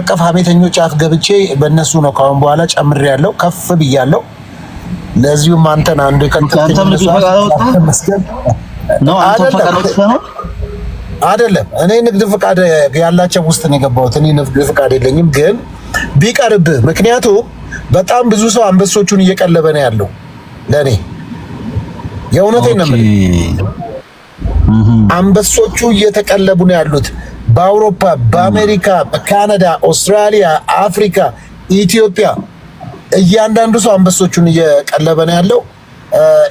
አቀፍ ሀሜተኞች አፍ ገብቼ በእነሱ ነው ካሁን በኋላ ጨምሬ ያለው ከፍ ብያለው። ለዚሁም አንተን አንዱ አይደለም እኔ ንግድ ፍቃድ ያላቸው ውስጥ ነው የገባሁት። እኔ ንግድ ፍቃድ የለኝም፣ ግን ቢቀርብህ ምክንያቱም በጣም ብዙ ሰው አንበሶቹን እየቀለበ ነው ያለው። ለእኔ የእውነቴን ነው የምልህ፣ አንበሶቹ እየተቀለቡ ነው ያሉት። በአውሮፓ፣ በአሜሪካ፣ በካናዳ፣ ኦስትራሊያ፣ አፍሪካ፣ ኢትዮጵያ እያንዳንዱ ሰው አንበሶቹን እየቀለበ ነው ያለው።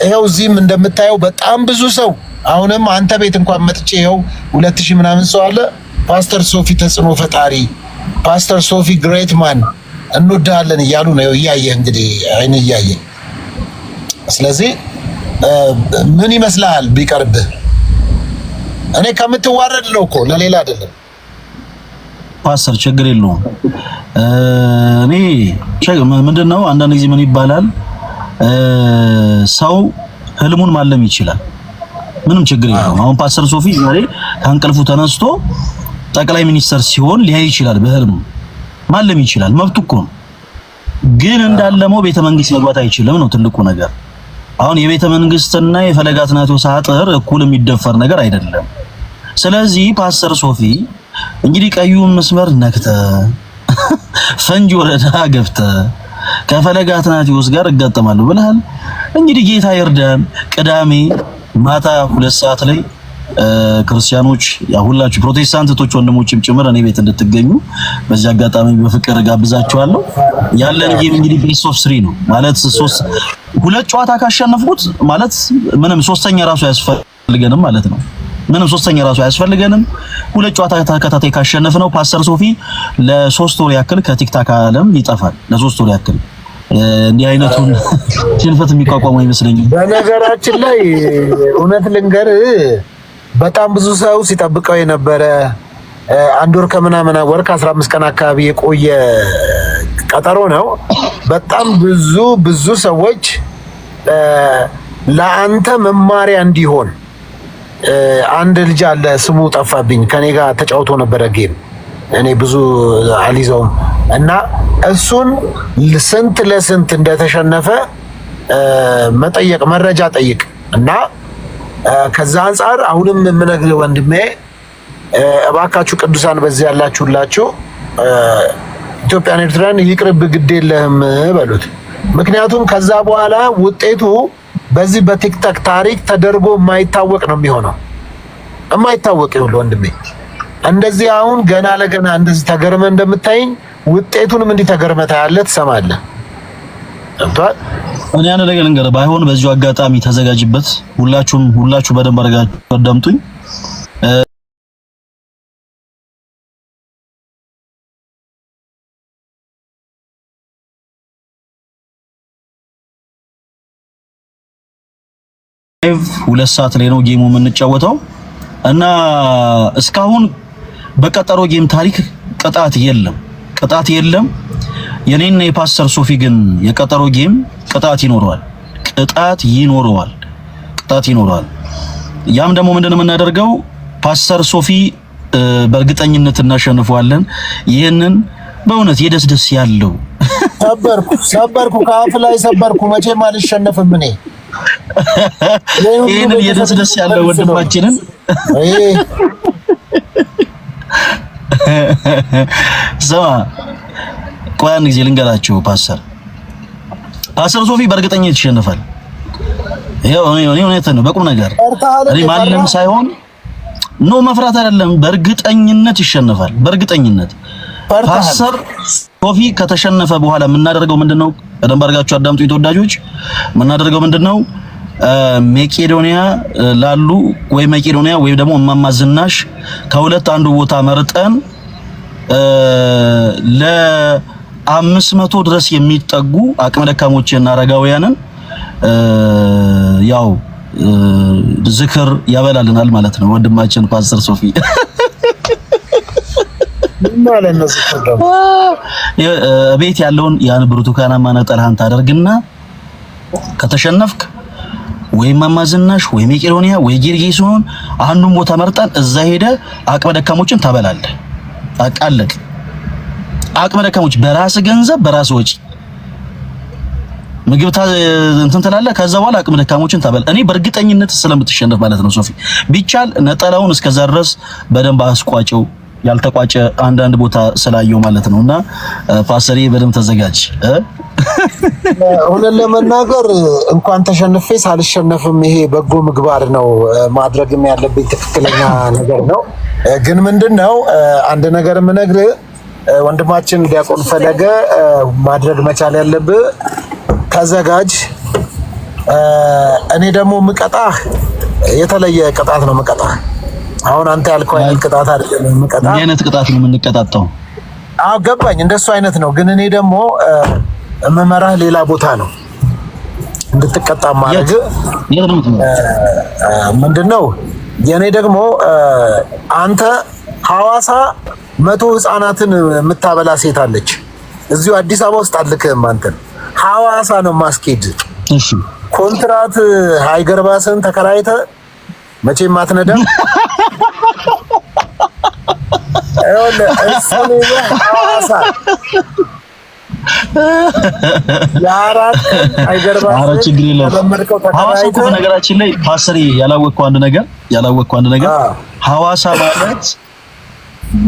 ይኸው እዚህም እንደምታየው በጣም ብዙ ሰው አሁንም አንተ ቤት እንኳን መጥቼ ይኸው ሁለት ሺህ ምናምን ሰው አለ። ፓስተር ሶፊ ተጽዕኖ ፈጣሪ፣ ፓስተር ሶፊ ግሬት ማን እንወዳለን እያሉ ነው። እያየ እንግዲህ አይን እያየ ስለዚህ ምን ይመስልሃል ቢቀርብህ እኔ ከምትዋረድ ነው እኮ ለሌላ አይደለም። ፓስተር ችግር የለውም። እኔ ምንድን ነው አንዳንድ ጊዜ ምን ይባላል፣ ሰው ህልሙን ማለም ይችላል። ምንም ችግር የለውም። አሁን ፓስተር ሶፊ ዛሬ ከእንቅልፉ ተነስቶ ጠቅላይ ሚኒስተር ሲሆን ሊያይ ይችላል። በህልሙ ማለም ይችላል፣ መብቱ እኮ ነው። ግን እንዳለመው ቤተ መንግስት መግባት አይችልም ነው ትልቁ ነገር። አሁን የቤተ መንግስትና የፈለጋት ሳጥር እኩል የሚደፈር ነገር አይደለም። ስለዚህ ፓስተር ሶፊ እንግዲህ ቀዩን መስመር ነክተ ፈንጅ ወረዳ ገብተ ከፈለገ አትናቴዎስ ጋር እጋጠማለሁ ብለሃል። እንግዲህ ጌታ ይርዳን። ቅዳሜ ማታ ሁለት ሰዓት ላይ ክርስቲያኖች ሁላችሁ ፕሮቴስታንቶች ወንድሞችም ጭምር እኔ ቤት እንድትገኙ በዚህ አጋጣሚ በፍቅር ጋብዛችኋለሁ። ያለን ጌም እንግዲህ ቤስ ኦፍ ስሪ ነው ማለት ሶስት ሁለት ጨዋታ ካሸነፍኩት ማለት ምንም ሶስተኛ ራሱ አያስፈልገንም ማለት ነው። ምንም ሶስተኛ ራሱ አያስፈልገንም። ሁለት ጨዋታ ተከታታይ ካሸነፍ ነው ፓስተር ሶፊ ለሶስት ወር ያክል ከቲክታክ ዓለም ይጠፋል። ለሶስት ወር ያክል እንዲህ አይነቱን ሽንፈት የሚቋቋመው አይመስለኝም። በነገራችን ላይ እውነት ልንገር በጣም ብዙ ሰው ሲጠብቀው የነበረ አንድ ወር ከምናምን ወር ከአስራ አምስት ቀን አካባቢ የቆየ ቀጠሮ ነው። በጣም ብዙ ብዙ ሰዎች ለአንተ መማሪያ እንዲሆን አንድ ልጅ አለ ስሙ ጠፋብኝ። ከኔ ጋር ተጫውቶ ነበረ ጌም እኔ ብዙ አልይዘውም እና እሱን ስንት ለስንት እንደተሸነፈ መጠየቅ መረጃ ጠይቅ እና ከዛ አንጻር አሁንም የምነግር ወንድሜ እባካችሁ ቅዱሳን በዚህ ያላችሁላችሁ ኢትዮጵያን ኤርትራን ይቅርብ ግድ የለህም በሉት። ምክንያቱም ከዛ በኋላ ውጤቱ በዚህ በቲክቶክ ታሪክ ተደርጎ የማይታወቅ ነው የሚሆነው። የማይታወቅ ይሁን ወንድሜ። እንደዚህ አሁን ገና ለገና እንደዚህ ተገርመ እንደምታይኝ ውጤቱንም እንዲህ ተገርመ ታያለህ፣ ትሰማለህ። እኔ አንድ ነገር ልንገርህ፣ ባይሆን በዚሁ አጋጣሚ ተዘጋጅበት። ሁላችሁም ሁላችሁ በደንብ አድርጋችሁ አዳምጡኝ። ሁለት ሰዓት ላይ ነው ጌሙ የምንጫወተው እና እስካሁን በቀጠሮ ጌም ታሪክ ቅጣት የለም፣ ቅጣት የለም። የኔና የፓስተር ሶፊ ግን የቀጠሮ ጌም ቅጣት ይኖረዋል፣ ቅጣት ይኖረዋል፣ ቅጣት ይኖረዋል። ያም ደግሞ ምንድን ነው የምናደርገው? ፓስተር ሶፊ በእርግጠኝነት እናሸንፈዋለን። ይህንን በእውነት የደስደስ ያለው ሰበርኩ ሰበርኩ፣ ከአፍ ላይ ሰበርኩ። መቼም አልሸነፍም እኔ ይህንን ደስ ያለ ወንድማችንን ስማ፣ ቆይ አንድ ጊዜ ልንገራችሁ። ፓስተር ፓስተር ሶፊ በእርግጠኛ ይሸንፋል። ያው እኔ እውነትህን ነው፣ በቁም ነገር እኔ ማንም ሳይሆን ኖ መፍራት አይደለም፣ በእርግጠኝነት ይሸነፋል በእርግጠኝነት ፓስተር ሶፊ ከተሸነፈ በኋላ የምናደርገው ምንድን ነው? በደንብ አድርጋችሁ አዳምጡ ተወዳጆች። የምናደርገው ምንድነው መቄዶንያ ሜቄዶኒያ ላሉ ወይ መቄዶኒያ ወይም ደግሞ እማማ ዝናሽ ከሁለት አንዱ ቦታ መርጠን ለአምስት መቶ ድረስ የሚጠጉ አቅመ ደካሞችና አረጋውያንን ያው ዝክር ያበላልናል ማለት ነው። ወንድማችን ፓስተር ሶፊ ቤት ያለውን ያን ብርቱካናማ ነጠላህን ታደርግና ከተሸነፍክ ወይም ማማዝናሽ ወይ መቄዶኒያ ወይ ጌርጌ ሲሆን አንዱን ቦታ መርጠን እዛ ሄደ አቅመ ደካሞችን ታበላለህ። አቃለቅ አቅመ ደካሞች በራስ ገንዘብ በራስ ወጪ ምግብ እንትን ትላለህ። ከዛ በኋላ አቅመ ደካሞችን ታበል። እኔ በእርግጠኝነት ስለምትሸነፍ ማለት ነው። ሶፊ ቢቻል ነጠላውን እስከዛ ድረስ በደንብ አስቋጨው። ያልተቋጨ አንዳንድ ቦታ ስላየው ማለት ነው። እና ፓስተር ተዘጋጅ። እውነት ለመናገር እንኳን ተሸንፌ ሳልሸነፍም ይሄ በጎ ምግባር ነው፣ ማድረግም ያለብኝ ትክክለኛ ነገር ነው። ግን ምንድን ነው አንድ ነገር ምነግር ወንድማችን ዲያቆን ፈለገ ማድረግ መቻል ያለብህ ተዘጋጅ። እኔ ደግሞ ምቀጣህ የተለየ ቅጣት ነው ምቀጣህ አሁን አንተ ያልከው አይነት ቅጣት አይደለም የምቀጣ። ምን አይነት ቅጣት ነው የምንቀጣጠው። አዎ ገባኝ። እንደሱ አይነት ነው። ግን እኔ ደግሞ የምመራህ ሌላ ቦታ ነው እንድትቀጣ ማድረግ ምንድን ነው የእኔ ደግሞ አንተ ሐዋሳ መቶ ህፃናትን የምታበላ ሴት አለች። እዚሁ አዲስ አበባ ውስጥ አንተን ሐዋሳ ነው ማስኬድ። ኮንትራት ሃይገርባስን ተከራይተ መቼም ማትነደም? ኧረ ችግር የለም። ሐዋሳ እኮ በነገራችን ላይ አንድ ነገር አንድ ነገር ማለት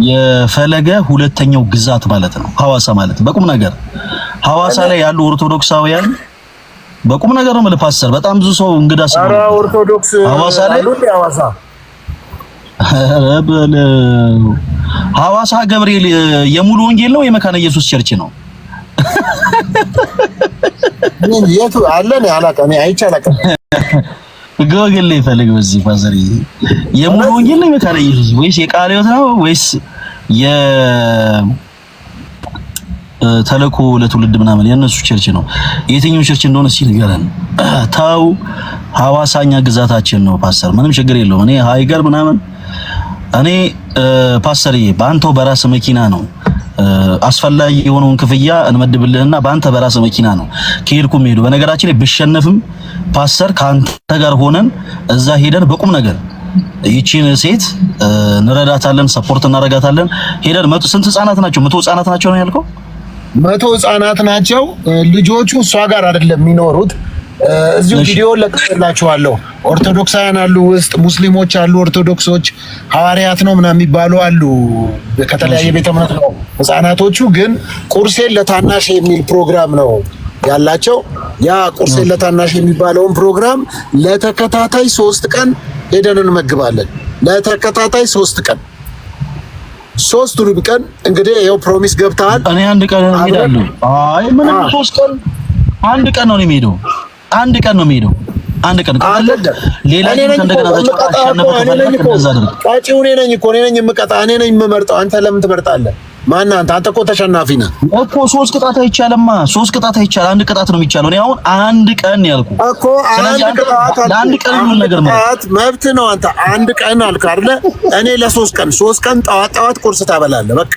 የፈለገ ሁለተኛው ግዛት ማለት ነው። ማለት በቁም ነገር ላይ ያሉ ኦርቶዶክሳውያን በቁም ነገር ነው የምልህ ፓስተር። በጣም ብዙ ሰው እንግዳ ሰው ኦርቶዶክስ ላይ ሐዋሳ ገብርኤል የሙሉ ወንጌል ነው የመካነ ኢየሱስ ቸርች ነው? ምን የቱ አለ ነው አላውቅም፣ አይቼ አላውቅም። ጎግል ላይ ፈልግ። በዚህ ፋዘሪ የሙሉ ወንጌል ነው የመካነ ኢየሱስ ወይስ የቃለ ሕይወት ነው ወይስ የ የተልእኮ ለትውልድ ምናምን የእነሱ ቸርች ነው። የትኛው ቸርች እንደሆነ እስኪ ንገረን። ተው ሐዋሳኛ ግዛታችን ነው ፓስተር፣ ምንም ችግር የለውም። እኔ ሀይገር ምናምን እኔ ፓስተርዬ በአንተ በራስ መኪና ነው አስፈላጊ የሆነውን ክፍያ እንመድብልህና በአንተ በራስ መኪና ነው ከሄድኩም ሄዱ። በነገራችን ላይ ብሸነፍም ፓስተር ከአንተ ጋር ሆነን እዛ ሄደን በቁም ነገር ይቺን ሴት እንረዳታለን፣ ሰፖርት እናረጋታለን። ሄደን መቶ ስንት ህጻናት ናቸው? መቶ ህጻናት ናቸው ነው ያልከው? መቶ ህጻናት ናቸው። ልጆቹ እሷ ጋር አይደለም የሚኖሩት። እዚሁ ቪዲዮ ለቅቄላችኋለሁ። ኦርቶዶክሳውያን አሉ ውስጥ፣ ሙስሊሞች አሉ፣ ኦርቶዶክሶች ሐዋርያት ነው ምናምን የሚባሉ አሉ። ከተለያየ ቤተ እምነት ነው ህፃናቶቹ። ግን ቁርሴን ለታናሽ የሚል ፕሮግራም ነው ያላቸው። ያ ቁርሴን ለታናሽ የሚባለውን ፕሮግራም ለተከታታይ ሶስት ቀን ሄደን እንመግባለን። ለተከታታይ ሶስት ቀን ሶስት ሩብ ቀን እንግዲህ ይኸው ፕሮሚስ ገብተሃል። እኔ አንድ ቀን ነው የሚሄዳለሁ። አይ ምንም ሶስት ቀን አንድ ቀን ነው የሚሄደው። አንድ ቀን ነው የሚሄደው አንድ ቀን ሌላ ቀጪው እኔ ነኝ እኮ እኔ ነኝ የምቀጣ እኔ ነኝ የምመርጠው። አንተ ለምን ትመርጣለህ? ማነህ አንተ? አንተ እኮ ተሸናፊ ነህ እኮ። ሶስት ቅጣት አይቻልማ። ሶስት ቅጣት አይቻል። አንድ ቅጣት ነው የሚቻለው። እኔ አሁን አንድ ቀን ያልኩ እኮ አንድ ቅጣት ቀን ነው ነገር ማለት መብት ነው። አንተ አንድ ቀን አልክ አይደለ? እኔ ለሶስት ቀን ሶስት ቀን ጠዋት ጠዋት ቁርስ ታበላለህ። በቃ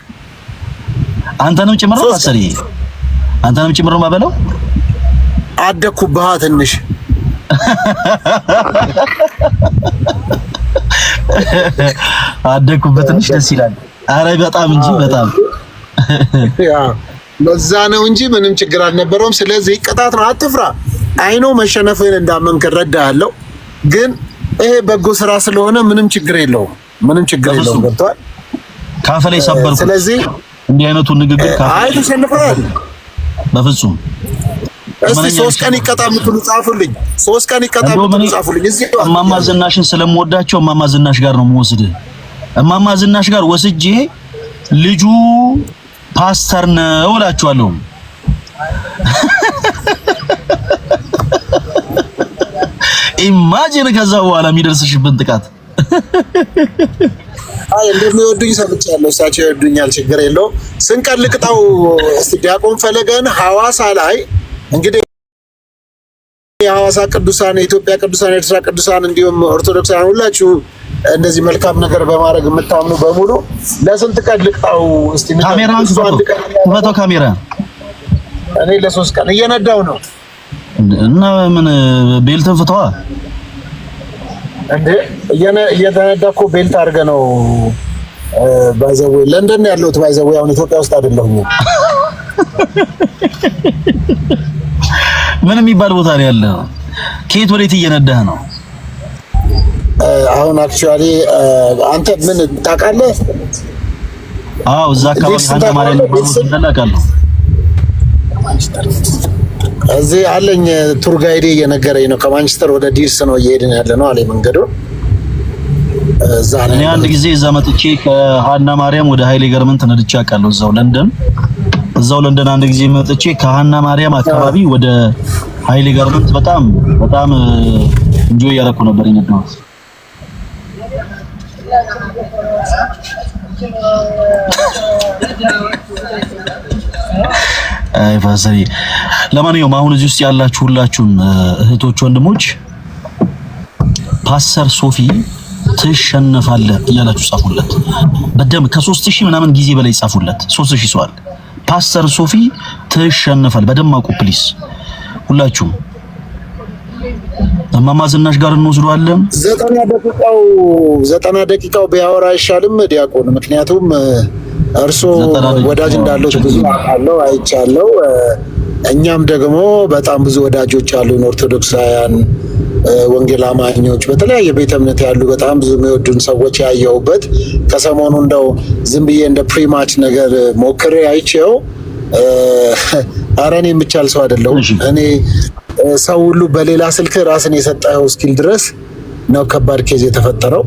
አንተንም ጭምር ነው ማሰሪ አንተንም ጭምር ነው የማበላው። አደኩብህ ትንሽ አደግኩበት። ትንሽ ደስ ይላል። አረ በጣም እንጂ በጣም በዛ ነው እንጂ ምንም ችግር አልነበረውም። ስለዚህ ቅጣት ነው፣ አትፍራ። አይኖ መሸነፍን እንዳመንክ እረዳሃለሁ፣ ግን ይሄ በጎ ስራ ስለሆነ ምንም ችግር የለውም። ምንም ችግር የለውም። ገብቷል። ካፈ ላይ ሰበርኩ። ስለዚህ እንዲህ አይነቱ ንግግር ካፈ አይ ተሸንፈሃል። በፍጹም እስቲ ሶስት ቀን ይቀጣ የምትሉ ጻፉልኝ። ሶስት ቀን ይቀጣ የምትሉ ጻፉልኝ። እዚህ እማማ ዝናሽን ስለምወዳቸው እማማ ዝናሽ ጋር ነው የምወስድህ። እማማ ዝናሽ ጋር ወስጄ ልጁ ፓስተር ነው እላችኋለሁ። ኢማጂን ከዛ በኋላ የሚደርስሽብን ጥቃት። አይ እንደሚወዱኝ ሰምቻለሁ። እሳቸው ይወዱኛል፣ ችግር የለውም። ስንቀልቅጠው ዲያቆን ፈለገን ሐዋሳ ላይ እንግዲህ የሐዋሳ ቅዱሳን፣ የኢትዮጵያ ቅዱሳን፣ የኤርትራ ቅዱሳን እንዲሁም ኦርቶዶክሳን ሁላችሁ እንደዚህ መልካም ነገር በማድረግ የምታምኑ በሙሉ ለስንት ቀን ልቅጣው? እስቲ ካሜራ ካሜራ እኔ ለሶስት ቀን እየነዳው ነው እና ምን ቤልትን ፍቷ እንዴ እየተነዳ እኮ ቤልት አድርገ ነው ባይዘዌ ለንደን ያለሁት ባይዘዌ አሁን ኢትዮጵያ ውስጥ አይደለሁም። ምን የሚባል ቦታ ላይ ያለ ከየት ወዴት እየነዳህ ነው? አሁን አክቹአሊ አንተ ምን ታውቃለህ? አዎ እዛ አካባቢ አንተ ማለት ነው ታውቃለህ። እዚህ አለኝ ቱር ጋይዴ እየነገረኝ ነው። ከማንቸስተር ወደ ዲርስ ነው እየሄድን ያለ ነው አለኝ መንገዱ። እኔ አንድ ጊዜ እዛ መጥቼ ከሃና ማርያም ወደ ሃይሌ ገርመንት ነድቼ አውቃለሁ እዛው ለንደን እዛው ለንደን አንድ ጊዜ መጥቼ ከሀና ማርያም አካባቢ ወደ ሀይሌ ጋርመንት በጣም በጣም እንጆ እያደረኩ ነበር የነዳሁት። አይ ፋሰሪ፣ ለማንኛውም አሁን እዚህ ውስጥ ያላችሁ ሁላችሁም እህቶች ወንድሞች ፓስተር ሶፊ ትሸነፋለህ እያላችሁ ጻፉለት። በደም ከሶስት ሺህ ምናምን ጊዜ በላይ ጻፉለት። ሶስት ሺህ ሰው ፓስተር ሶፊ ትሸነፋል በደማቁ ፕሊስ ሁላችሁም እማማ ዝናሽ ጋር እንወስደዋለን። ዘጠና ደቂቃው ዘጠና ደቂቃው ቢያወራ አይሻልም ዲያቆን? ምክንያቱም እርሶ ወዳጅ እንዳለው ብዙ አውቃለሁ፣ አይቻለው። እኛም ደግሞ በጣም ብዙ ወዳጆች አሉን ኦርቶዶክሳውያን ወንጌል አማኞች በተለያየ ቤተ እምነት ያሉ በጣም ብዙ የሚወዱን ሰዎች ያየሁበት ከሰሞኑ እንደው ዝም ብዬ እንደ ፕሪማች ነገር ሞክሬ አይቼው አረ እኔ የምቻል ሰው አይደለሁም። እኔ ሰው ሁሉ በሌላ ስልክ ራስን የሰጠው እስኪል ድረስ ነው ከባድ ኬዝ የተፈጠረው።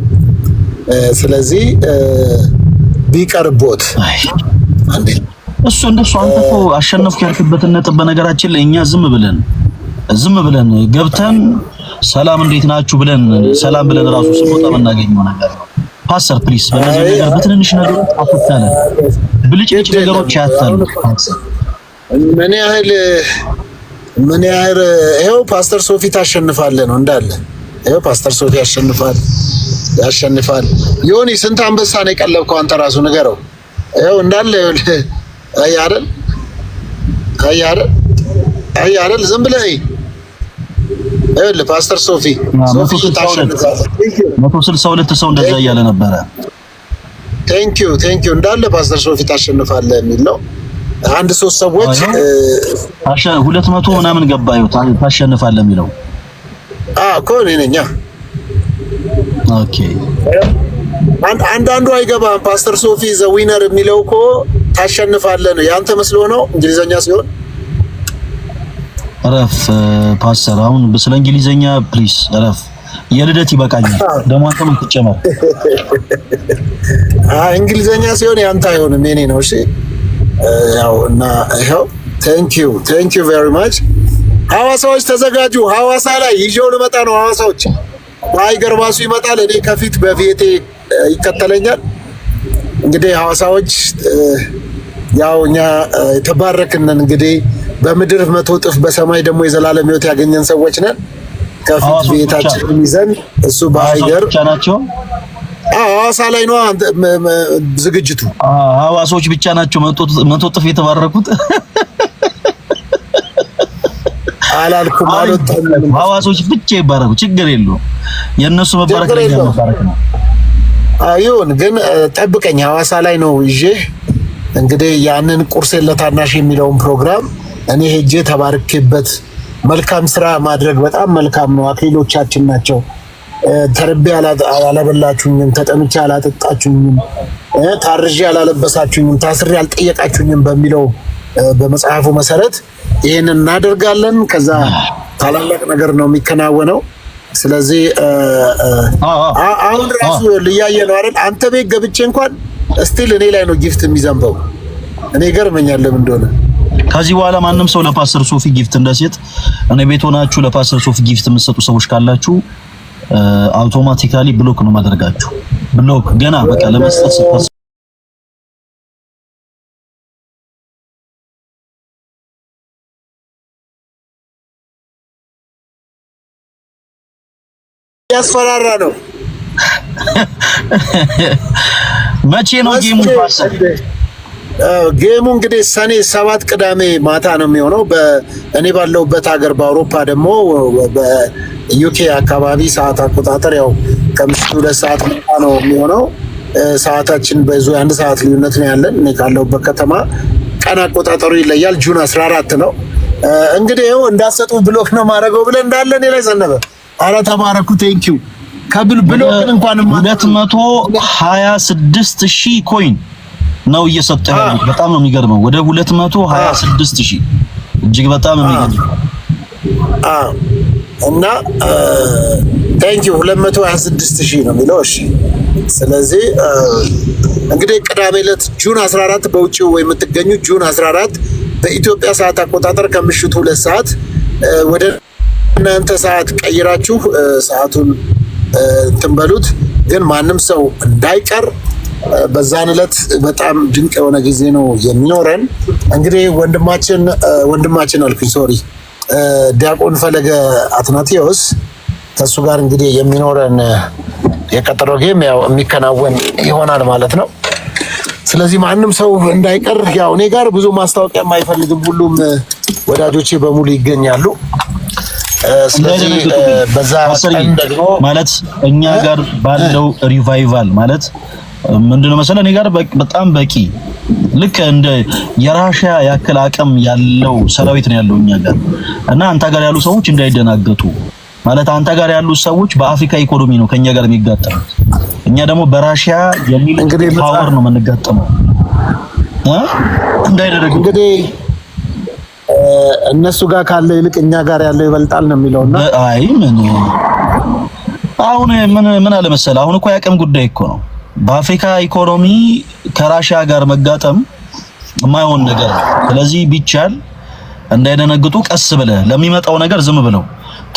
ስለዚህ ቢቀርቦት እሱ እንደሱ አንተ እኮ አሸነፍክ ያልክበትን ነጥብ በነገራችን ላይ እኛ ዝም ብለን ዝም ብለን ገብተን ሰላም እንዴት ናችሁ ብለን ሰላም ብለን ራሱ ስንወጣ የምናገኘው ነገር ነው። ፓስተር ፕሊስ፣ በእነዚህ ነገር በትንንሽ ነገር አፈታለ ብልጭልጭ ነገሮች ያታሉ። ምን ያህል ምን ያህል ይኸው ፓስተር ሶፊ ታሸንፋለ ነው እንዳለ። ይኸው ፓስተር ሶፊ ያሸንፋል ያሸንፋል። ዮኒ ስንት አንበሳ ነው የቀለብከው አንተ ራሱ ንገረው። ይኸው እንዳለ አይ አይደል አይ አይደል አይ አይደል ዝም ብለህ ፓስተር ሶፊ ሶፊ ታሸነፈ። መቶ ስልሳ ሁለት ሰው እንደዛ እያለ ነበረ። ቴንክ ዩ ቴንክ ዩ እንዳለ ፓስተር ሶፊ ታሸንፋለህ የሚል ነው። አንድ ሶስት ሰዎች ሁለት መቶ ምናምን ገባዩ ታሸንፋለህ የሚለው እኮ እኔ ነኝ። ኦኬ አንዳንዱ አይገባም። ፓስተር ሶፊ ዘ ዊነር የሚለው እኮ ታሸንፋለህ ነው። የአንተ መስሎ ነው እንግሊዘኛ ሲሆን ረፍ ፓስተር፣ አሁን ስለ እንግሊዘኛ ፕሊስ ረፍ። የልደት ይበቃኛል። ደግሞ አንተ ምን ትጨመር? እንግሊዘኛ ሲሆን ያንተ አይሆንም የኔ ነው። እሺ ያው እና ይኸው ቴንክ ዩ ቴንክ ዩ ቬሪ ማች። ሐዋሳዎች ተዘጋጁ። ሐዋሳ ላይ ይዤው ልመጣ ነው። ሐዋሳዎች ባይገርባሱ ይመጣል። እኔ ከፊት በቪቴ ይከተለኛል። እንግዲህ ሐዋሳዎች ያው እኛ የተባረክንን እንግዲህ በምድር መቶ እጥፍ በሰማይ ደግሞ የዘላለም ሕይወት ያገኘን ሰዎች ነን። ከፊት ቤታችን ይዘን እሱ በሀገር ናቸው። ሐዋሳ ላይ ነው ዝግጅቱ። ሐዋሶች ብቻ ናቸው መቶ እጥፍ የተባረኩት አላልኩም። ሐዋሶች ብቻ ይባረኩ፣ ችግር የለውም። የእነሱ መባረክ ላይ መባረክ ነው። ይሁን ግን ጠብቀኝ፣ ሐዋሳ ላይ ነው ይዤ እንግዲህ ያንን ቁርስ ለታናሽ የሚለውን ፕሮግራም እኔ ሄጄ ተባርኬበት መልካም ስራ ማድረግ በጣም መልካም ነው። አክሊሎቻችን ናቸው። ተርቤ አላበላችሁኝም፣ ተጠምቼ አላጠጣችሁኝም፣ ታርዤ አላለበሳችሁኝም፣ ታስሬ አልጠየቃችሁኝም በሚለው በመጽሐፉ መሰረት ይህን እናደርጋለን። ከዛ ታላላቅ ነገር ነው የሚከናወነው። ስለዚህ አሁን ራሱ ልያየ ነው አይደል? አንተ ቤት ገብቼ እንኳን ስቲል እኔ ላይ ነው ጊፍት የሚዘንበው። እኔ ገርመኛለም እንደሆነ ከዚህ በኋላ ማንም ሰው ለፓስተር ሶፊ ጊፍት እንደሴት እኔ ቤት ሆናችሁ ለፓስተር ሶፊ ጊፍት የምትሰጡ ሰዎች ካላችሁ አውቶማቲካሊ ብሎክ ነው ማደርጋችሁ። ብሎክ ገና በቃ ለመስጠት ስታስ ያስፈራራ ነው። መቼ ነው ጌሙ ፓስተር ጌሙ እንግዲህ ሰኔ ሰባት ቅዳሜ ማታ ነው የሚሆነው። እኔ ባለሁበት ሀገር በአውሮፓ ደግሞ በዩኬ አካባቢ ሰዓት አቆጣጠር ያው ከምሽቱ ሁለት ሰዓት ማታ ነው የሚሆነው። ሰዓታችን በዙ አንድ ሰዓት ልዩነት ነው ያለን። እኔ ካለሁበት ከተማ ቀን አቆጣጠሩ ይለያል። ጁን 14 ነው እንግዲህ ው እንዳሰጡ ብሎክ ነው ማድረገው ብለን እንዳለ እኔ ላይ ዘነበ። አረ ተባረኩ፣ ቴንኪው ከብል ብሎክን እንኳን ሁለት መቶ ሀያ ስድስት ሺህ ኮይን ነው እየሰጠ ያለው። በጣም ነው የሚገርመው። ወደ 226 ሺህ እጅግ በጣም የሚገርመው እና ታንኪ 226 ሺህ ነው የሚለው። እሺ ስለዚህ እንግዲህ ቅዳሜ ዕለት ጁን 14 በውጭ ወይ የምትገኙ ጁን 14 በኢትዮጵያ ሰዓት አቆጣጠር ከምሽቱ ሁለት ሰዓት ወደ እናንተ ሰዓት ቀይራችሁ ሰዓቱን እንትን በሉት። ግን ማንም ሰው እንዳይቀር በዛን ዕለት በጣም ድንቅ የሆነ ጊዜ ነው የሚኖረን። እንግዲህ ወንድማችን ወንድማችን አልኩኝ ሶሪ ዲያቆን ፈለገ አትናቴዎስ ከእሱ ጋር እንግዲህ የሚኖረን የቀጠሮ ጌም ያው የሚከናወን ይሆናል ማለት ነው። ስለዚህ ማንም ሰው እንዳይቀር ያው እኔ ጋር ብዙ ማስታወቂያ የማይፈልግም ሁሉም ወዳጆቼ በሙሉ ይገኛሉ። ስለዚህ በዛ ቀን ደግሞ ማለት እኛ ጋር ባለው ሪቫይቫል ማለት ምንድነው መሰለህ እኔ ጋር በጣም በቂ ልክ እንደ የራሽያ ያክል አቅም ያለው ሰራዊት ነው ያለው እኛ ጋር እና አንተ ጋር ያሉ ሰዎች እንዳይደናገጡ ማለት አንተ ጋር ያሉ ሰዎች በአፍሪካ ኢኮኖሚ ነው ከኛ ጋር የሚጋጠሙት። እኛ ደግሞ በራሽያ የሚል እንግዲህ ፓወር ነው የምንጋጠመው። እንዳይደረግ እንግዲህ እነሱ ጋር ካለ ይልቅ እኛ ጋር ያለው ይበልጣል ነው የሚለውና አይ ምን አሁን ምን ምን አለ መሰለህ አሁን እኮ የአቅም ጉዳይ እኮ ነው በአፍሪካ ኢኮኖሚ ከራሽያ ጋር መጋጠም የማይሆን ነገር ነው። ስለዚህ ቢቻል እንዳይደነግጡ ቀስ ብለ ለሚመጣው ነገር ዝም ብለው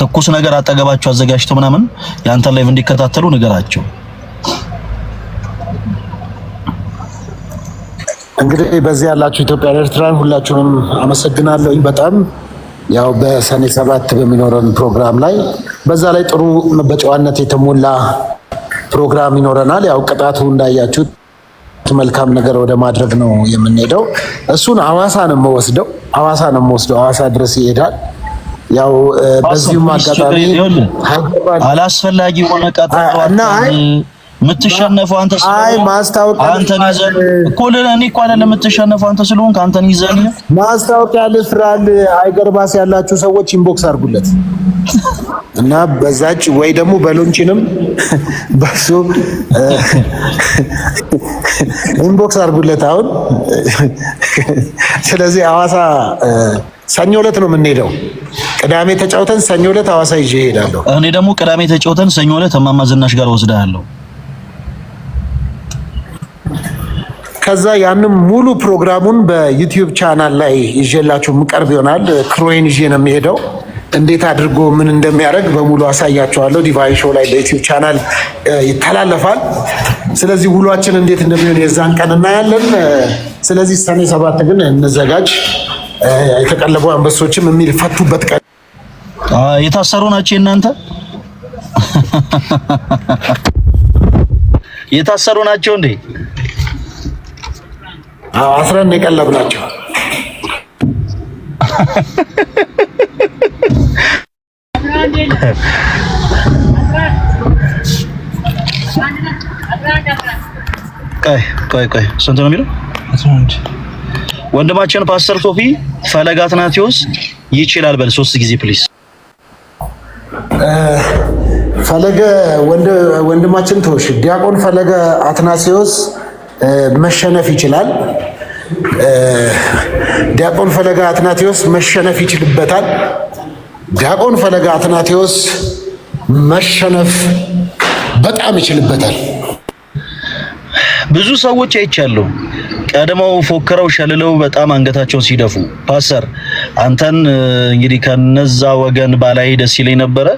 ትኩስ ነገር አጠገባቸው አዘጋጅተው ምናምን የአንተን ላይቭ እንዲከታተሉ ንገራቸው። እንግዲህ በዚህ ያላችሁ ኢትዮጵያ፣ ኤርትራን ሁላችሁንም አመሰግናለሁ። በጣም ያው በሰኔ ሰባት በሚኖረን ፕሮግራም ላይ በዛ ላይ ጥሩ በጨዋነት የተሞላ ፕሮግራም ይኖረናል። ያው ቅጣቱ እንዳያችሁት መልካም ነገር ወደ ማድረግ ነው የምንሄደው። እሱን ሐዋሳ ነው የምወስደው፣ ሐዋሳ ነው የምወስደው። ሐዋሳ ድረስ ይሄዳል። ያው በዚሁም አጋጣሚ አላስፈላጊ ሆነ ቀጣና የምትሸነፈው አንተ ስለሆንክ አንተን ይዘህ ማስታወቂያ ልፍራል። አይገርባስ ያላችሁ ሰዎች ኢንቦክስ አድርጉለት። እና በዛች ወይ ደግሞ በሎንችንም በሱ ኢንቦክስ አድርጉለት። አሁን ስለዚህ ሐዋሳ ሰኞ ዕለት ነው የምንሄደው። ቅዳሜ ተጫውተን ሰኞ ዕለት ሐዋሳ ይዤ እሄዳለሁ። እኔ ደግሞ ቅዳሜ ተጫውተን ሰኞ ዕለት እማማ ዝናሽ ጋር ወስዳለሁ። ከዛ ያንም ሙሉ ፕሮግራሙን በዩቲዩብ ቻናል ላይ ይዤላችሁ የምቀርብ ይሆናል። ክሮይን ይዤ ነው የሚሄደው። እንዴት አድርጎ ምን እንደሚያደርግ በሙሉ አሳያቸዋለሁ። ዲቫይ ሾው ላይ በዩቲዩብ ቻናል ይተላለፋል። ስለዚህ ውሏችን እንዴት እንደሚሆን የዛን ቀን እናያለን። ስለዚህ ሰኔ ሰባት ግን እንዘጋጅ። የተቀለቡ አንበሶችም የሚፈቱበት ቀን የታሰሩ ናቸው። እናንተ የታሰሩ ናቸው እንዴ? አስረን የቀለብ ናቸው። ቆይ ቆይ ስንት ነው የሚለው? ወንድማችን ፓስተር ሶፊ ፈለገ አትናቴዎስ ይችላል። በል ሶስት ጊዜ ፕሊስ ፈለገ ወንድማችን ተወሽ። ዲያቆን ፈለገ አትናቴዎስ መሸነፍ ይችላል። ዲያቆን ፈለገ አትናቴዎስ መሸነፍ ይችልበታል። ዲያቆን ፈለገ አትናቴዎስ መሸነፍ በጣም ይችልበታል። ብዙ ሰዎች አይቻለሁ ቀድመው ፎክረው ሸልለው በጣም አንገታቸውን ሲደፉ። ፓስተር አንተን እንግዲህ ከነዛ ወገን ባላይ ደስ ይለኝ ነበረ።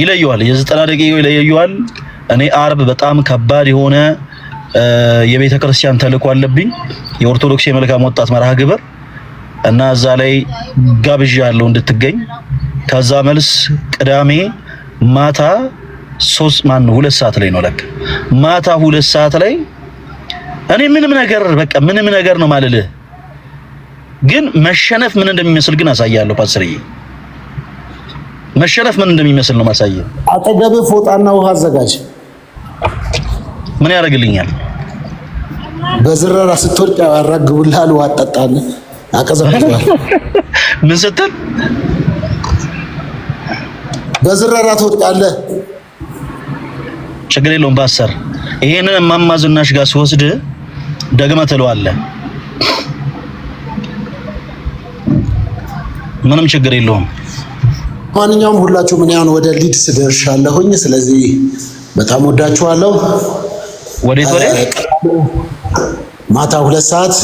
ይለየዋል፣ የዘጠና ደቂቃ ይለየዋል። እኔ አርብ በጣም ከባድ የሆነ የቤተ ክርስቲያን ተልእኮ አለብኝ። የኦርቶዶክስ የመልካም ወጣት መርሃ ግብር እና እዛ ላይ ጋብዣ ያለው እንድትገኝ ከዛ መልስ ቅዳሜ ማታ ሶስት ማን ሁለት ሰዓት ላይ ነው ለካ ማታ ሁለት ሰዓት ላይ እኔ ምንም ነገር በቃ ምንም ነገር ነው ማለልህ፣ ግን መሸነፍ ምን እንደሚመስል ግን አሳያለሁ። ፓስርዬ መሸነፍ ምን እንደሚመስል ነው ማሳየህ። አጠገብ ፎጣና ውሃ አዘጋጅ። ምን ያደርግልኛል? በዝረራ ስትወድቅ ያራግቡልሃል፣ ውሃ አቀዘቅዟል። ምን ስትል በዝረራ ትወድቃለህ። ችግር የለውም ባሰር ይሄንን እማማ ዝናሽ ጋር ሲወስድ ደግመህ ትለዋለህ። ምንም ችግር የለውም። ማንኛውም ሁላችሁ ምን ያሁን ወደ ሊድስ ደርሻለሁኝ። ስለዚህ በጣም ወዳችኋለሁ። ወዴት ወዴት? ማታ ሁለት ሰዓት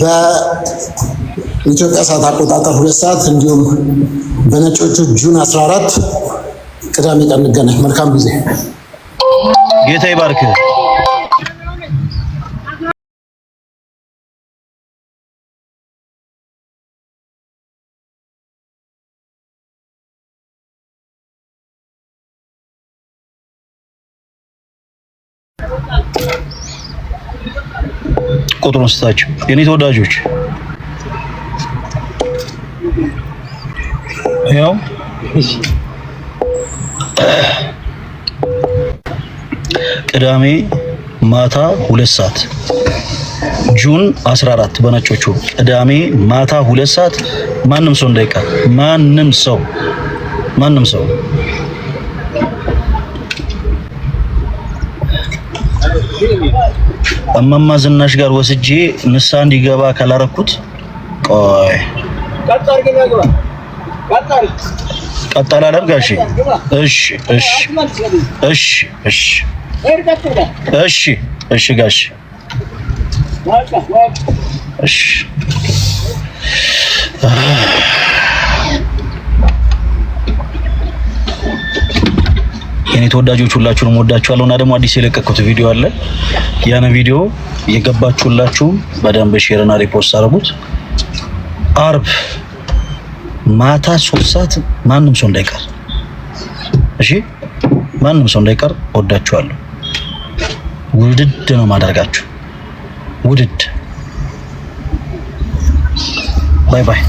በኢትዮጵያ ሰዓት አቆጣጠር ሁለት ሰዓት እንዲሁም በነጮቹ ጁን 14 ቅዳሜ ቀን እንገናኝ። መልካም ጊዜ። ጌታ ይባርክ። አትቆጥሩን ስታችሁ የኔ ተወዳጆች ያው ቅዳሜ ማታ ሁለት ሰዓት ጁን 14 በነጮቹ ቅዳሜ ማታ ሁለት ሰዓት ማንም ሰው እንዳይቀር ማንም ሰው ማንም ሰው እማማ ዝናሽ ጋር ወስጄ ንሳ እንዲገባ ካላረኩት፣ ቆይ ቀጥ አላለም እሺ እሺ እሺ እሺ እሺ እሺ ጋሼ እሺ የኔ ተወዳጆች ሁላችሁንም ወዳችኋለሁ እና ደግሞ አዲስ የለቀኩት ቪዲዮ አለ። ያን ቪዲዮ የገባችሁላችሁም በደንብ ሼርና ሪፖርት አድርጉት። አርብ ማታ ሶስት ሰዓት ማንም ሰው እንዳይቀር እሺ፣ ማንም ሰው እንዳይቀር። ወዳችኋለሁ። ውድድ ነው ማደርጋችሁ። ውድድ ባይ ባይ